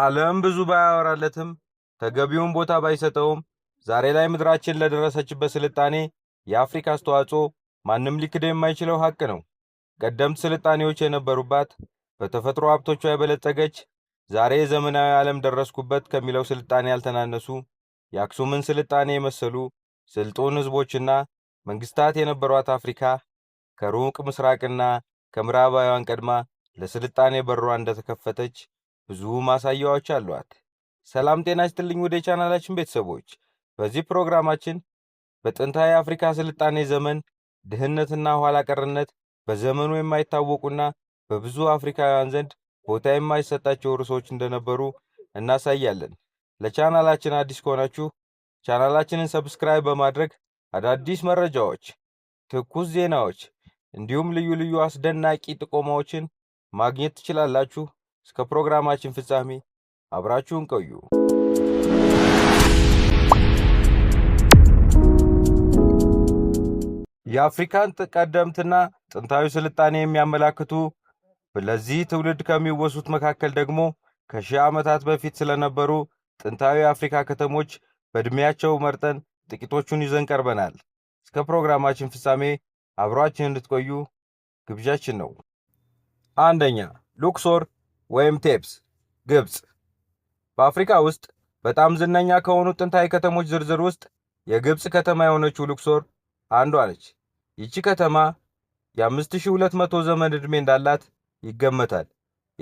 ዓለም ብዙ ባያወራለትም ተገቢውን ቦታ ባይሰጠውም ዛሬ ላይ ምድራችን ለደረሰችበት ስልጣኔ የአፍሪካ አስተዋጽኦ ማንም ሊክደ የማይችለው ሀቅ ነው። ቀደምት ስልጣኔዎች የነበሩባት በተፈጥሮ ሀብቶቿ የበለጸገች ዛሬ የዘመናዊ ዓለም ደረስኩበት ከሚለው ስልጣኔ ያልተናነሱ የአክሱምን ስልጣኔ የመሰሉ ስልጡን ሕዝቦችና መንግስታት የነበሯት አፍሪካ ከሩቅ ምስራቅና ከምዕራባውያን ቀድማ ለስልጣኔ በሯ እንደተከፈተች ብዙ ማሳያዎች አሏት። ሰላም ጤና ይስጥልኝ ወደ ቻናላችን ቤተሰቦች፣ በዚህ ፕሮግራማችን በጥንታዊ አፍሪካ ስልጣኔ ዘመን ድህነትና ኋላ ቀርነት በዘመኑ የማይታወቁና በብዙ አፍሪካውያን ዘንድ ቦታ የማይሰጣቸው ርዕሶች እንደነበሩ እናሳያለን። ለቻናላችን አዲስ ከሆናችሁ ቻናላችንን ሰብስክራይብ በማድረግ አዳዲስ መረጃዎች፣ ትኩስ ዜናዎች እንዲሁም ልዩ ልዩ አስደናቂ ጥቆማዎችን ማግኘት ትችላላችሁ። እስከ ፕሮግራማችን ፍጻሜ አብራችሁን ቆዩ። የአፍሪካን ቀደምትና ጥንታዊ ስልጣኔ የሚያመላክቱ ለዚህ ትውልድ ከሚወሱት መካከል ደግሞ ከሺህ ዓመታት በፊት ስለነበሩ ጥንታዊ የአፍሪካ ከተሞች በዕድሜያቸው መርጠን ጥቂቶቹን ይዘን ቀርበናል። እስከ ፕሮግራማችን ፍጻሜ አብሯችን እንድትቆዩ ግብዣችን ነው። አንደኛ ሉክሶር ወይም ቴፕስ ግብፅ በአፍሪካ ውስጥ በጣም ዝነኛ ከሆኑ ጥንታዊ ከተሞች ዝርዝር ውስጥ የግብፅ ከተማ የሆነችው ሉክሶር አንዷ ነች። ይቺ ከተማ የ5200 ዘመን ዕድሜ እንዳላት ይገመታል።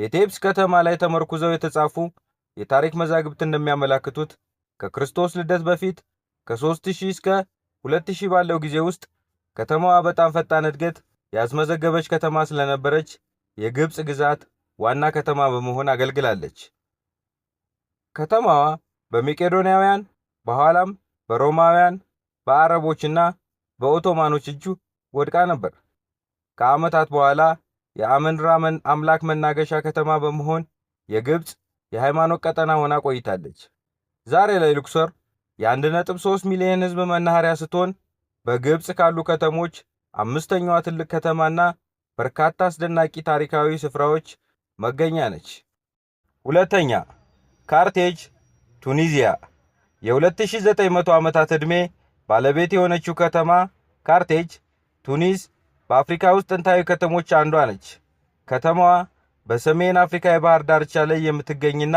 የቴፕስ ከተማ ላይ ተመርኩዘው የተጻፉ የታሪክ መዛግብት እንደሚያመላክቱት ከክርስቶስ ልደት በፊት ከ3000 እስከ 2000 ባለው ጊዜ ውስጥ ከተማዋ በጣም ፈጣን እድገት ያስመዘገበች ከተማ ስለነበረች የግብፅ ግዛት ዋና ከተማ በመሆን አገልግላለች። ከተማዋ በመቄዶንያውያን በኋላም በሮማውያን በአረቦችና በኦቶማኖች እጁ ወድቃ ነበር። ከዓመታት በኋላ የአመንራ አምላክ መናገሻ ከተማ በመሆን የግብፅ የሃይማኖት ቀጠና ሆና ቆይታለች። ዛሬ ላይ ሉክሰር የ1.3 ሚሊዮን ሕዝብ መናኸሪያ ስትሆን በግብፅ ካሉ ከተሞች አምስተኛዋ ትልቅ ከተማና በርካታ አስደናቂ ታሪካዊ ስፍራዎች መገኛ ነች። ሁለተኛ ካርቴጅ ቱኒዚያ የ2900 ዓመታት ዕድሜ ባለቤት የሆነችው ከተማ ካርቴጅ ቱኒስ በአፍሪካ ውስጥ ጥንታዊ ከተሞች አንዷ ነች። ከተማዋ በሰሜን አፍሪካ የባህር ዳርቻ ላይ የምትገኝና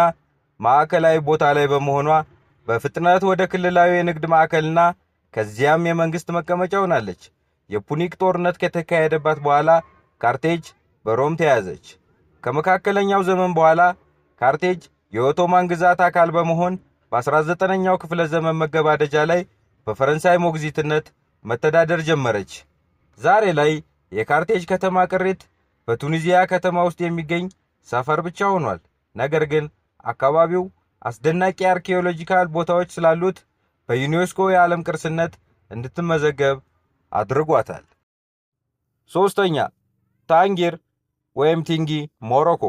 ማዕከላዊ ቦታ ላይ በመሆኗ በፍጥነት ወደ ክልላዊ የንግድ ማዕከልና ከዚያም የመንግሥት መቀመጫ ሆናለች። የፑኒክ ጦርነት ከተካሄደባት በኋላ ካርቴጅ በሮም ተያዘች። ከመካከለኛው ዘመን በኋላ ካርቴጅ የኦቶማን ግዛት አካል በመሆን በ19ኛው ክፍለ ዘመን መገባደጃ ላይ በፈረንሳይ ሞግዚትነት መተዳደር ጀመረች። ዛሬ ላይ የካርቴጅ ከተማ ቅሪት በቱኒዚያ ከተማ ውስጥ የሚገኝ ሰፈር ብቻ ሆኗል። ነገር ግን አካባቢው አስደናቂ አርኪኦሎጂካል ቦታዎች ስላሉት በዩኔስኮ የዓለም ቅርስነት እንድትመዘገብ አድርጓታል። ሶስተኛ ታንጌር ወይም ቲንጊ ሞሮኮ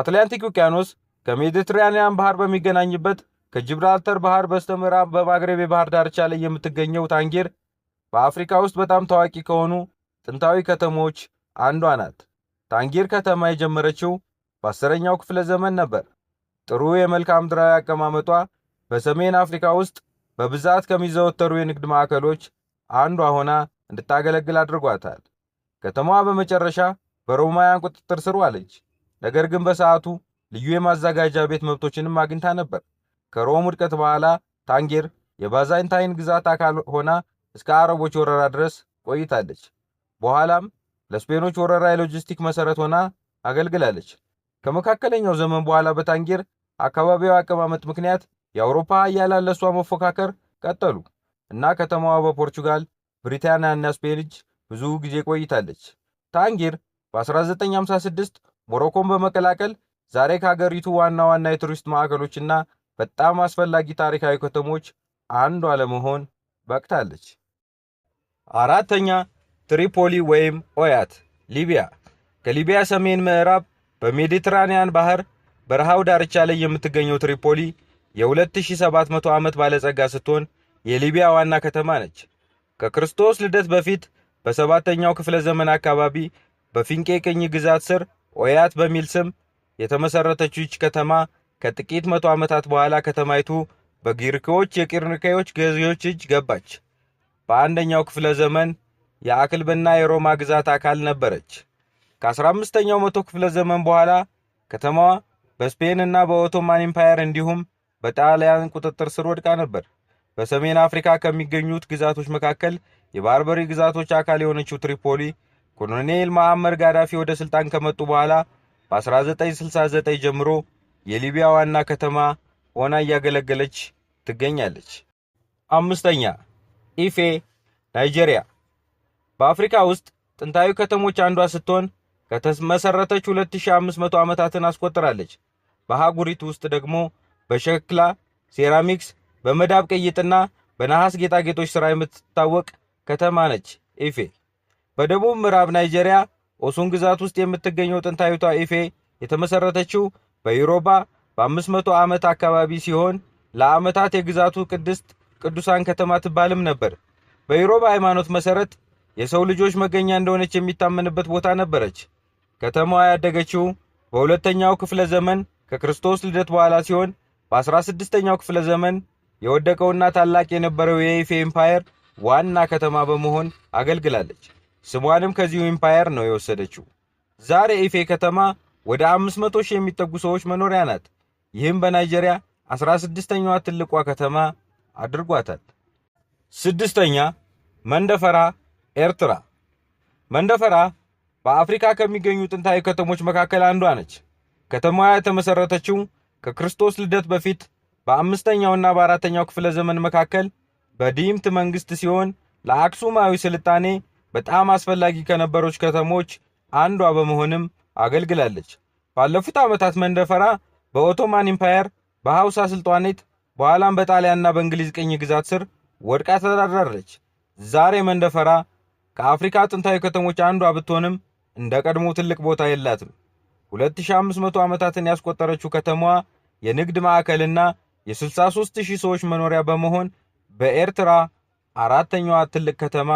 አትላንቲክ ውቅያኖስ ከሜዲትራኒያን ባህር በሚገናኝበት ከጂብራልተር ባህር በስተምዕራብ በማግሬብ የባህር ዳርቻ ላይ የምትገኘው ታንጌር በአፍሪካ ውስጥ በጣም ታዋቂ ከሆኑ ጥንታዊ ከተሞች አንዷ ናት። ታንጌር ከተማ የጀመረችው በአስረኛው ክፍለ ዘመን ነበር። ጥሩ የመልክዓ ምድራዊ አቀማመጧ በሰሜን አፍሪካ ውስጥ በብዛት ከሚዘወተሩ የንግድ ማዕከሎች አንዷ ሆና እንድታገለግል አድርጓታል። ከተማዋ በመጨረሻ በሮማውያን ቁጥጥር ስር ዋለች። ነገር ግን በሰዓቱ ልዩ የማዘጋጃ ቤት መብቶችንም አግኝታ ነበር። ከሮም ውድቀት በኋላ ታንጌር የባዛንታይን ግዛት አካል ሆና እስከ አረቦች ወረራ ድረስ ቆይታለች። በኋላም ለስፔኖች ወረራ የሎጂስቲክ መሰረት ሆና አገልግላለች። ከመካከለኛው ዘመን በኋላ በታንጌር አካባቢያዊ አቀማመጥ ምክንያት የአውሮፓ ኃያላን ለሷ መፎካከር ቀጠሉ እና ከተማዋ በፖርቹጋል፣ ብሪታንያና ስፔን እጅ ብዙ ጊዜ ቆይታለች። ታንጌር በ1956 ሞሮኮን በመቀላቀል ዛሬ ከሀገሪቱ ዋና ዋና የቱሪስት ማዕከሎችና በጣም አስፈላጊ ታሪካዊ ከተሞች አንዷ ለመሆን በቅታለች። አራተኛ ትሪፖሊ ወይም ኦያት ሊቢያ። ከሊቢያ ሰሜን ምዕራብ በሜዲትራንያን ባህር በረሃው ዳርቻ ላይ የምትገኘው ትሪፖሊ የ2700 ዓመት ባለጸጋ ስትሆን የሊቢያ ዋና ከተማ ነች። ከክርስቶስ ልደት በፊት በሰባተኛው ክፍለ ዘመን አካባቢ በፊንቄ ቅኝ ግዛት ስር ኦያት በሚል ስም የተመሰረተችው ይች ከተማ ከጥቂት መቶ ዓመታት በኋላ ከተማይቱ በግሪኮች የቂርኒካዮች ገዢዎች እጅ ገባች። በአንደኛው ክፍለ ዘመን የአክልብና የሮማ ግዛት አካል ነበረች። ከ15ኛው መቶ ክፍለ ዘመን በኋላ ከተማዋ በስፔን እና በኦቶማን ኢምፓየር እንዲሁም በጣሊያን ቁጥጥር ስር ወድቃ ነበር። በሰሜን አፍሪካ ከሚገኙት ግዛቶች መካከል የባርበሪ ግዛቶች አካል የሆነችው ትሪፖሊ ኮሎኔል መአመር ጋዳፊ ወደ ሥልጣን ከመጡ በኋላ በ1969 ጀምሮ የሊቢያ ዋና ከተማ ሆና እያገለገለች ትገኛለች። አምስተኛ ኢፌ ናይጄሪያ በአፍሪካ ውስጥ ጥንታዊ ከተሞች አንዷ ስትሆን ከተመሰረተች 2500 ዓመታትን አስቆጥራለች። በአህጉሪቱ ውስጥ ደግሞ በሸክላ፣ ሴራሚክስ፣ በመዳብ ቅይጥና በነሐስ ጌጣጌጦች ሥራ የምትታወቅ ከተማ ነች። ኢፌ በደቡብ ምዕራብ ናይጄሪያ ኦሱን ግዛት ውስጥ የምትገኘው ጥንታዊቷ ኢፌ የተመሰረተችው በዩሮባ በ500 ዓመት አካባቢ ሲሆን ለዓመታት የግዛቱ ቅድስት ቅዱሳን ከተማ ትባልም ነበር። በዩሮባ ሃይማኖት መሰረት የሰው ልጆች መገኛ እንደሆነች የሚታመንበት ቦታ ነበረች። ከተማዋ ያደገችው በሁለተኛው ክፍለ ዘመን ከክርስቶስ ልደት በኋላ ሲሆን በ16ኛው ክፍለ ዘመን የወደቀውና ታላቅ የነበረው የኢፌ ኤምፓየር ዋና ከተማ በመሆን አገልግላለች። ስሟንም ከዚሁ ኢምፓየር ነው የወሰደችው። ዛሬ ኢፌ ከተማ ወደ 500 ሺህ የሚጠጉ ሰዎች መኖሪያ ናት። ይህም በናይጄሪያ 16ኛዋ ትልቋ ከተማ አድርጓታል። ስድስተኛ መንደፈራ ኤርትራ። መንደፈራ በአፍሪካ ከሚገኙ ጥንታዊ ከተሞች መካከል አንዷ ነች። ከተማዋ የተመሰረተችው ከክርስቶስ ልደት በፊት በአምስተኛውና በአራተኛው ክፍለ ዘመን መካከል በዲምት መንግስት ሲሆን ለአክሱማዊ ስልጣኔ በጣም አስፈላጊ ከነበሩች ከተሞች አንዷ በመሆንም አገልግላለች። ባለፉት ዓመታት መንደፈራ በኦቶማን ኢምፓየር፣ በሐውሳ ስልጣኔት፣ በኋላም በጣሊያንና በእንግሊዝ ቅኝ ግዛት ስር ወድቃ ተዳድራለች። ዛሬ መንደፈራ ከአፍሪካ ጥንታዊ ከተሞች አንዷ ብትሆንም እንደ ቀድሞ ትልቅ ቦታ የላትም። 2500 ዓመታትን ያስቆጠረችው ከተማዋ የንግድ ማዕከልና የ63000 ሰዎች መኖሪያ በመሆን በኤርትራ አራተኛዋ ትልቅ ከተማ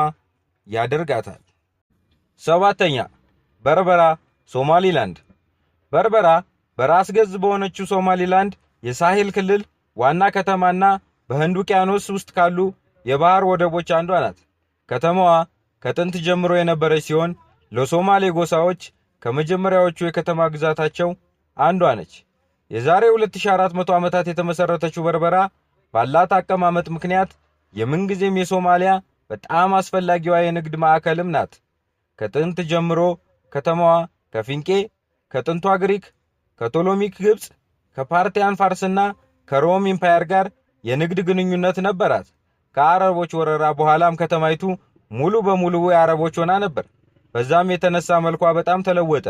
ያደርጋታል። ሰባተኛ በርበራ ሶማሊላንድ። በርበራ በራስ ገዝ በሆነችው ሶማሊላንድ የሳሄል ክልል ዋና ከተማና በህንድ ውቅያኖስ ውስጥ ካሉ የባህር ወደቦች አንዷ ናት። ከተማዋ ከጥንት ጀምሮ የነበረች ሲሆን ለሶማሌ ጎሳዎች ከመጀመሪያዎቹ የከተማ ግዛታቸው አንዷ ነች። የዛሬ 2400 ዓመታት የተመሰረተችው በርበራ ባላት አቀማመጥ ምክንያት የምንጊዜም የሶማሊያ በጣም አስፈላጊዋ የንግድ ማዕከልም ናት። ከጥንት ጀምሮ ከተማዋ ከፊንቄ፣ ከጥንቷ ግሪክ፣ ከቶሎሚክ ግብፅ፣ ከፓርቲያን ፋርስና ከሮም ኢምፓየር ጋር የንግድ ግንኙነት ነበራት። ከአረቦች ወረራ በኋላም ከተማይቱ ሙሉ በሙሉ የአረቦች ሆና ነበር። በዛም የተነሳ መልኳ በጣም ተለወጠ።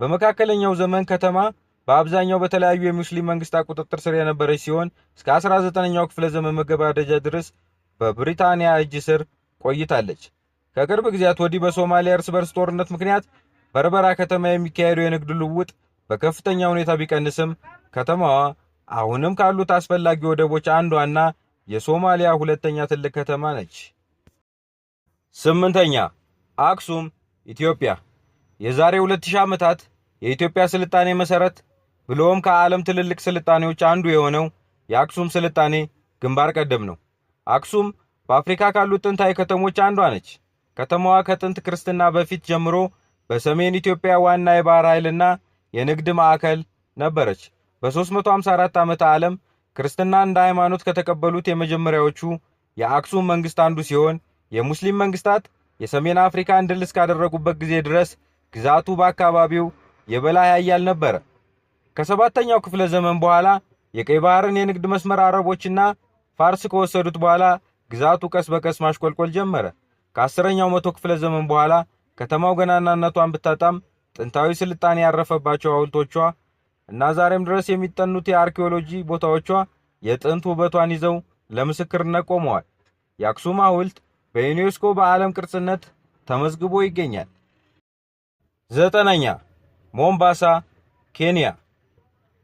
በመካከለኛው ዘመን ከተማ በአብዛኛው በተለያዩ የሙስሊም መንግስታት ቁጥጥር ስር የነበረች ሲሆን እስከ 19ኛው ክፍለ ዘመን መገባደጃ ድረስ በብሪታንያ እጅ ስር ቆይታለች። ከቅርብ ጊዜያት ወዲህ በሶማሊያ እርስ በርስ ጦርነት ምክንያት በርበራ ከተማ የሚካሄደው የንግድ ልውውጥ በከፍተኛ ሁኔታ ቢቀንስም ከተማዋ አሁንም ካሉት አስፈላጊ ወደቦች አንዷና የሶማሊያ ሁለተኛ ትልቅ ከተማ ነች። ስምንተኛ አክሱም ኢትዮጵያ። የዛሬ 2000 ዓመታት የኢትዮጵያ ስልጣኔ መሰረት ብሎም ከዓለም ትልልቅ ስልጣኔዎች አንዱ የሆነው የአክሱም ስልጣኔ ግንባር ቀደም ነው። አክሱም በአፍሪካ ካሉት ጥንታዊ ከተሞች አንዷ ነች። ከተማዋ ከጥንት ክርስትና በፊት ጀምሮ በሰሜን ኢትዮጵያ ዋና የባህር ኃይልና የንግድ ማዕከል ነበረች። በ354 ዓመተ ዓለም ክርስትና እንደ ሃይማኖት ከተቀበሉት የመጀመሪያዎቹ የአክሱም መንግስት አንዱ ሲሆን የሙስሊም መንግስታት የሰሜን አፍሪካን ድል እስካደረጉበት ጊዜ ድረስ ግዛቱ በአካባቢው የበላይ ኃያል ነበረ። ከሰባተኛው ክፍለ ዘመን በኋላ የቀይ ባህርን የንግድ መስመር አረቦችና ፋርስ ከወሰዱት በኋላ ግዛቱ ቀስ በቀስ ማሽቆልቆል ጀመረ። ከአስረኛው መቶ ክፍለ ዘመን በኋላ ከተማው ገናናነቷን ብታጣም ጥንታዊ ስልጣኔ ያረፈባቸው ሐውልቶቿ እና ዛሬም ድረስ የሚጠኑት የአርኪኦሎጂ ቦታዎቿ የጥንት ውበቷን ይዘው ለምስክርነት ቆመዋል። የአክሱም ሐውልት በዩኔስኮ በዓለም ቅርጽነት ተመዝግቦ ይገኛል። ዘጠነኛ ሞምባሳ ኬንያ።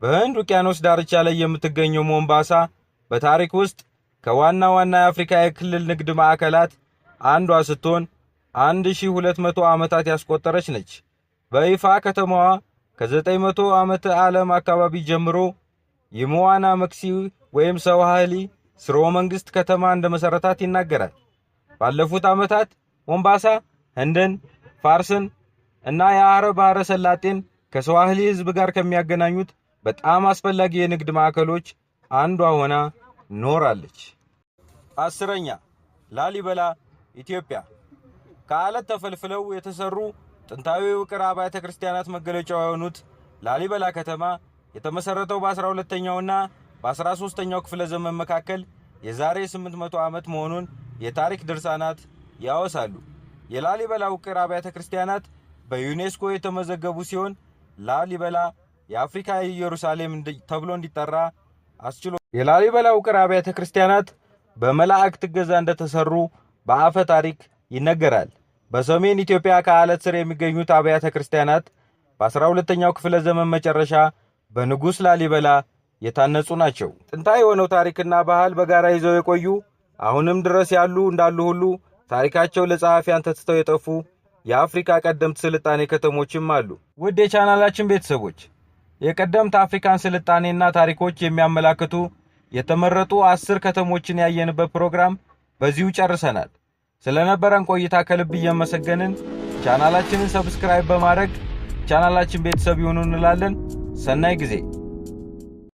በህንድ ውቅያኖስ ዳርቻ ላይ የምትገኘው ሞምባሳ በታሪክ ውስጥ ከዋና ዋና የአፍሪካ የክልል ንግድ ማዕከላት አንዷ ስትሆን 1200 ዓመታት ያስቆጠረች ነች። በይፋ ከተማዋ ከ900 ዓመተ ዓለም አካባቢ ጀምሮ የሞዋና መክሲ ወይም ሰዋሂሊ ስርወ መንግስት ከተማ እንደ መሠረታት ይናገራል። ባለፉት ዓመታት ሞምባሳ ህንድን፣ ፋርስን እና የአረብ ባህረ ሰላጤን ከሰዋህሊ ህዝብ ጋር ከሚያገናኙት በጣም አስፈላጊ የንግድ ማዕከሎች አንዷ ሆና ኖራለች። አስረኛ ላሊበላ ኢትዮጵያ ከአለት ተፈልፍለው የተሰሩ ጥንታዊ ውቅር አብያተ ክርስቲያናት መገለጫው የሆኑት ላሊበላ ከተማ የተመሰረተው በ12ኛውና በ13ኛው ክፍለ ዘመን መካከል የዛሬ 800 ዓመት መሆኑን የታሪክ ድርሳናት ያወሳሉ። የላሊበላ ውቅር አብያተ ክርስቲያናት በዩኔስኮ የተመዘገቡ ሲሆን ላሊበላ የአፍሪካ ኢየሩሳሌም ተብሎ እንዲጠራ አስችሎ የላሊበላ ውቅር አብያተ ክርስቲያናት በመላእክት እገዛ እንደተሰሩ በአፈ ታሪክ ይነገራል። በሰሜን ኢትዮጵያ ከአለት ስር የሚገኙት አብያተ ክርስቲያናት በ12ኛው ክፍለ ዘመን መጨረሻ በንጉሥ ላሊበላ የታነጹ ናቸው። ጥንታዊ የሆነው ታሪክና ባህል በጋራ ይዘው የቆዩ አሁንም ድረስ ያሉ እንዳሉ ሁሉ ታሪካቸው ለጸሐፊያን ተትተው የጠፉ የአፍሪካ ቀደምት ስልጣኔ ከተሞችም አሉ። ውድ የቻናላችን ቤተሰቦች የቀደምት አፍሪካን ስልጣኔና ታሪኮች የሚያመላክቱ የተመረጡ አስር ከተሞችን ያየንበት ፕሮግራም በዚሁ ጨርሰናል። ስለነበረን ቆይታ ከልብ እየመሰገንን ቻናላችንን ሰብስክራይብ በማድረግ ቻናላችን ቤተሰብ ይሁኑ እንላለን። ሰናይ ጊዜ